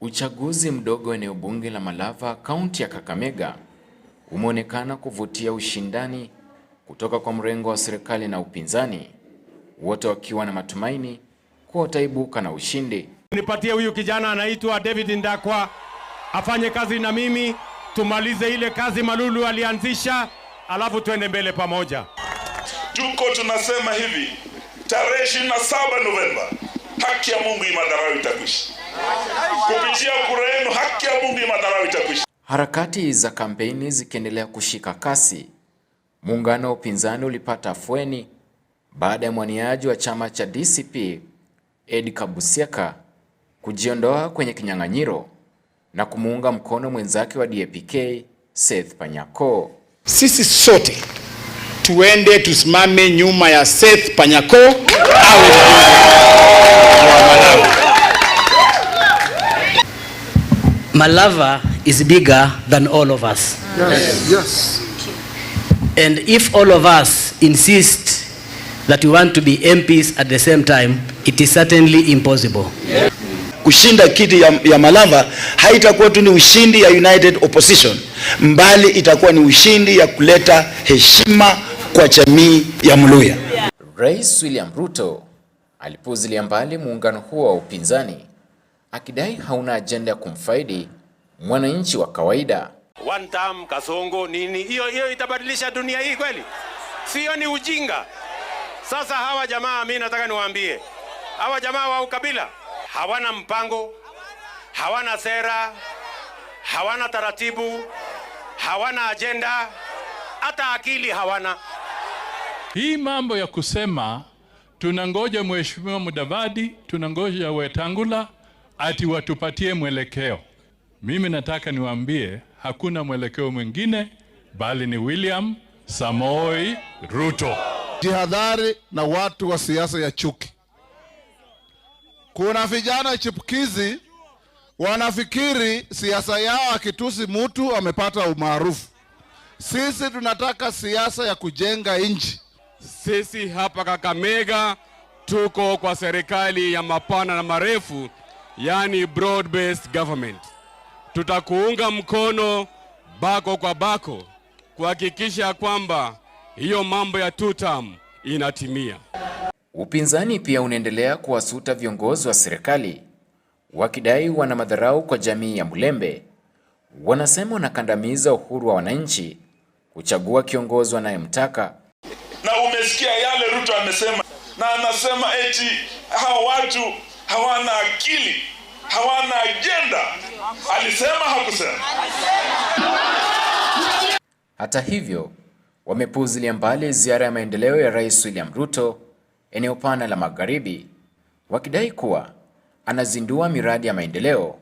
Uchaguzi mdogo eneo bunge la Malava, kaunti ya Kakamega, umeonekana kuvutia ushindani kutoka kwa mrengo wa serikali na upinzani, wote wakiwa na matumaini kuwa wataibuka na ushindi. Nipatie huyu kijana anaitwa David Ndakwa afanye kazi na mimi, tumalize ile kazi Malulu alianzisha, alafu tuende mbele pamoja. Tuko tunasema hivi, tarehe 27 Novemba haki ya Mungu imadharau itakwisha. Kupitia kura yenu haki ya Mungu madharau itakwisha. Harakati za kampeni zikiendelea kushika kasi, muungano wa upinzani ulipata afueni baada ya mwaniaji wa chama cha DCP Ed Kabusiaka kujiondoa kwenye kinyang'anyiro na kumuunga mkono mwenzake wa DAPK Seth Panyako. Sisi sote tuende tusimame nyuma ya Seth Panyako au my lover is bigger than all of us. Yes. Yes. And if all of us insist that we want to be MPs at the same time, it is certainly impossible. Yeah. Kushinda kiti ya, ya Malava haitakuwa tu ni ushindi ya United Opposition, mbali itakuwa ni ushindi ya kuleta heshima kwa jamii ya Mluya. Rais William Ruto alipuzilia mbali muungano huo wa upinzani akidai hauna ajenda ya kumfaidi mwananchi wa kawaida. One term kasongo nini hiyo hiyo itabadilisha dunia hii kweli? Sio, ni ujinga. Sasa hawa jamaa, mimi nataka niwaambie hawa jamaa wa ukabila hawana mpango, hawana sera, hawana taratibu, hawana ajenda, hata akili hawana. Hii mambo ya kusema tunangoja mheshimiwa Mudavadi, tunangoja Wetangula ati watupatie mwelekeo mimi nataka niwaambie hakuna mwelekeo mwingine bali ni William Samoi Ruto. Jihadhari na watu wa siasa ya chuki. Kuna vijana chipukizi wanafikiri siasa yao akitusi mtu amepata umaarufu. Sisi tunataka siasa ya kujenga nchi. Sisi hapa Kakamega tuko kwa serikali ya mapana na marefu, yani broad based government tutakuunga mkono bako kwa bako kuhakikisha kwamba hiyo mambo ya tutam inatimia. Upinzani pia unaendelea kuwasuta viongozi wa serikali wakidai wana madharau kwa jamii ya Mulembe. Wanasema wanakandamiza uhuru wa wananchi kuchagua kiongozi wanayemtaka. Na umesikia yale Ruto amesema, na anasema eti hawa watu hawana akili hawana ajenda. Alisema hakusema? Hata hivyo wamepuuzilia mbali ziara ya maendeleo ya Rais William Ruto eneo pana la Magharibi, wakidai kuwa anazindua miradi ya maendeleo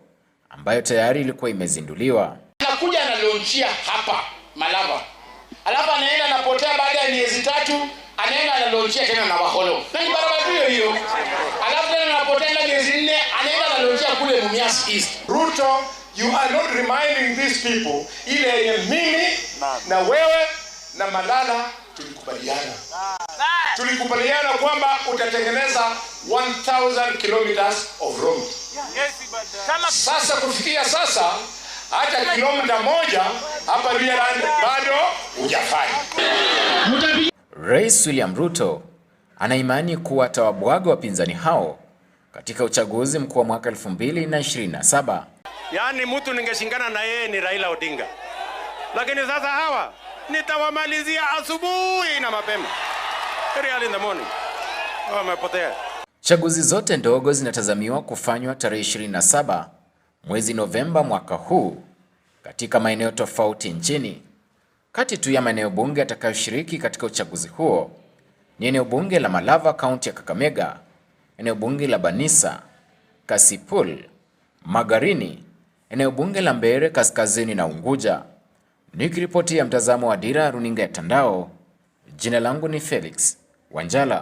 ambayo tayari ilikuwa imezinduliwa. Anakuja analonchia hapa Malava, alafu anaenda anapotea, baada ya miezi tatu anaenda analonchia tena na Waholo, na ni barabara hiyo hiyo, alafu tena anapotea miezi anatokea kule Mumias East. Ruto, you are not reminding these people ile yenye mimi na wewe na Malala tulikubaliana, tulikubaliana kwamba utatengeneza 1000 kilometers of road. Yes, Sasa kufikia sasa hata kilomita moja hapa Buland bado hujafanya. Rais William Ruto anaimani kuwa atawabwaga wapinzani hao katika uchaguzi mkuu wa mwaka 2027. Yaani mtu ningeshingana na yeye ni Raila Odinga, lakini sasa hawa nitawamalizia asubuhi na mapema, early in the morning. Wamepotea. Oh, Chaguzi zote ndogo zinatazamiwa kufanywa tarehe 27 mwezi Novemba mwaka huu katika maeneo tofauti nchini. Kati tu ya maeneo bunge atakayoshiriki katika uchaguzi huo ni eneo bunge la Malava, kaunti ya Kakamega, eneo bunge la banisa Kasipul, Magarini, eneo bunge la Mbeere Kaskazini na Unguja. Nikiripoti ya mtazamo wa Dira Runinga ya Tandao, jina langu ni Felix Wanjala.